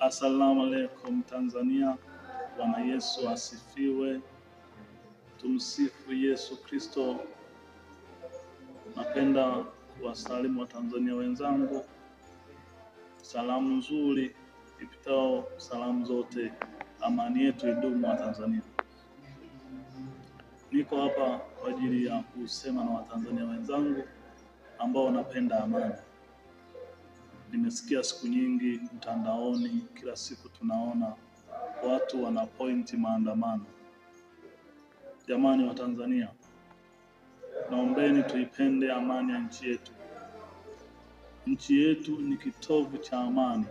Assalamu alaikum Tanzania, Bwana Yesu asifiwe. Tumsifu Yesu Kristo. Napenda kuwasalimu Watanzania wenzangu salamu nzuri ipitao salamu zote. Amani yetu idumu wa Tanzania. Niko hapa kwa ajili ya kusema na Watanzania wenzangu ambao wanapenda amani. Nimesikia siku nyingi mtandaoni, kila siku tunaona watu wanapointi maandamano. Jamani wa Tanzania, naombeni tuipende amani ya nchi yetu. Nchi yetu ni kitovu cha amani,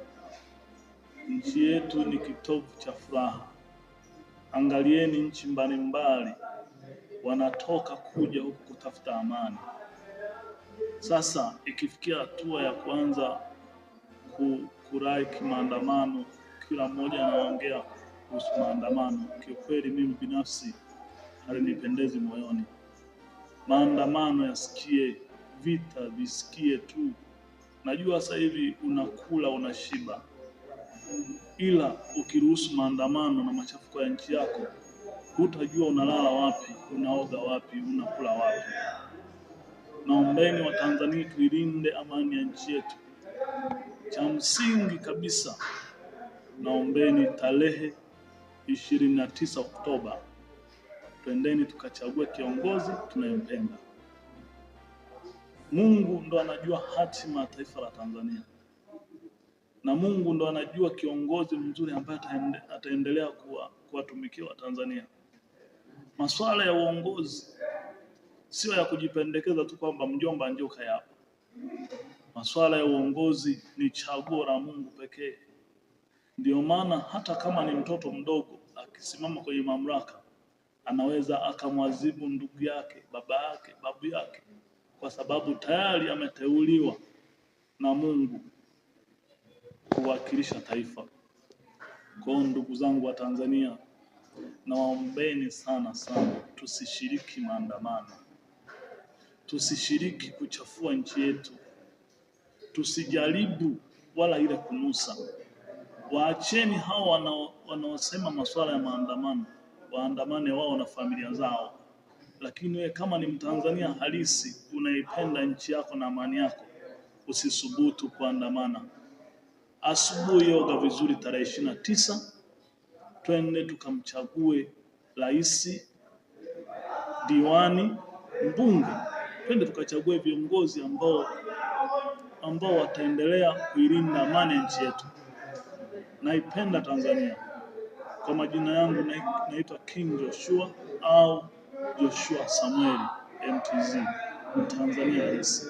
nchi yetu ni kitovu cha furaha. Angalieni nchi mbalimbali wanatoka kuja huku kutafuta amani. Sasa ikifikia hatua ya kuanza kuraiki maandamano, kila mmoja anaongea kuhusu maandamano. Kiukweli mimi binafsi alinipendezi moyoni. Maandamano yasikie, vita visikie tu. Najua sasa hivi unakula unashiba, ila ukiruhusu maandamano na machafuko ya nchi yako, hutajua unalala wapi, unaoga wapi, unakula wapi. Naombeni Watanzania tuilinde amani ya nchi yetu. Cha msingi kabisa naombeni tarehe ishirini na tisa Oktoba twendeni tukachagua kiongozi tunayempenda. Mungu ndo anajua hatima ya taifa la Tanzania na Mungu ndo anajua kiongozi mzuri ambaye ataendelea kuwatumikia kuwa Watanzania. Masuala ya uongozi sio ya kujipendekeza tu kwamba mjomba njoo kaya hapa. Masuala ya uongozi ni chaguo la Mungu pekee. Ndiyo maana hata kama ni mtoto mdogo akisimama kwenye mamlaka, anaweza akamwadhibu ndugu yake, baba yake, babu yake, kwa sababu tayari ameteuliwa na Mungu kuwakilisha taifa. Kwa hiyo ndugu zangu wa Tanzania, nawaombeni sana sana, tusishiriki maandamano, tusishiriki kuchafua nchi yetu tusijaribu wala ile kunusa. Waacheni hao wanaosema masuala ya maandamano, waandamane wao na familia zao. Lakini wewe kama ni Mtanzania halisi unaipenda nchi yako na amani yako, usisubutu kuandamana. Asubuhi yoga vizuri, tarehe ishirini na tisa twende tukamchague rais, diwani, mbunge, twende tukachague viongozi ambao ambao wataendelea kuilinda amani ya nchi yetu. Naipenda Tanzania. Kwa majina yangu naitwa King Joshua au Joshua Samuel MTZ, Mtanzania halisi.